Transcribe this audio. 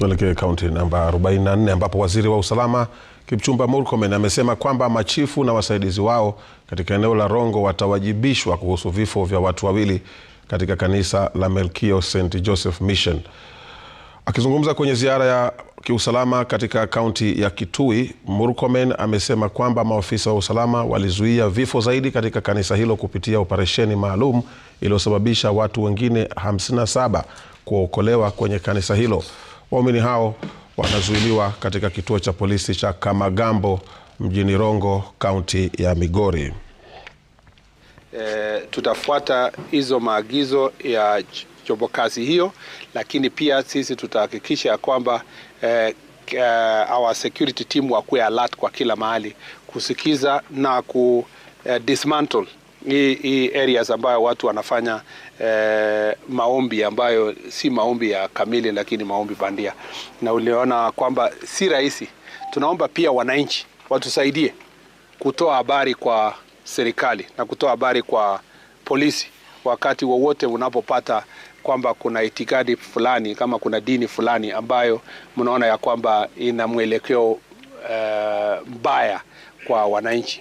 Tuelekee kaunti namba 44 ambapo waziri wa usalama Kipchumba Murkomen amesema kwamba machifu na wasaidizi wao katika eneo la Rongo watawajibishwa kuhusu vifo vya watu wawili katika kanisa la Melkio St Joseph Mission. Akizungumza kwenye ziara ya kiusalama katika kaunti ya Kitui, Murkomen amesema kwamba maafisa wa usalama walizuia vifo zaidi katika kanisa hilo kupitia operesheni maalum iliyosababisha watu wengine 57 kuokolewa kwenye kanisa hilo. Waumini hao wanazuiliwa katika kituo cha polisi cha Kamagambo mjini Rongo, kaunti ya Migori. E, tutafuata hizo maagizo ya chombo kazi hiyo, lakini pia sisi tutahakikisha ya kwamba e, Uh, our security team wakuwe alert kwa kila mahali kusikiza na ku uh, dismantle hii areas ambayo watu wanafanya eh, maombi ambayo si maombi ya kamili, lakini maombi bandia, na uliona kwamba si rahisi. Tunaomba pia wananchi watusaidie kutoa habari kwa serikali na kutoa habari kwa polisi wakati wowote unapopata kwamba kuna itikadi fulani kama kuna dini fulani ambayo mnaona ya kwamba ina mwelekeo eh, mbaya kwa wananchi.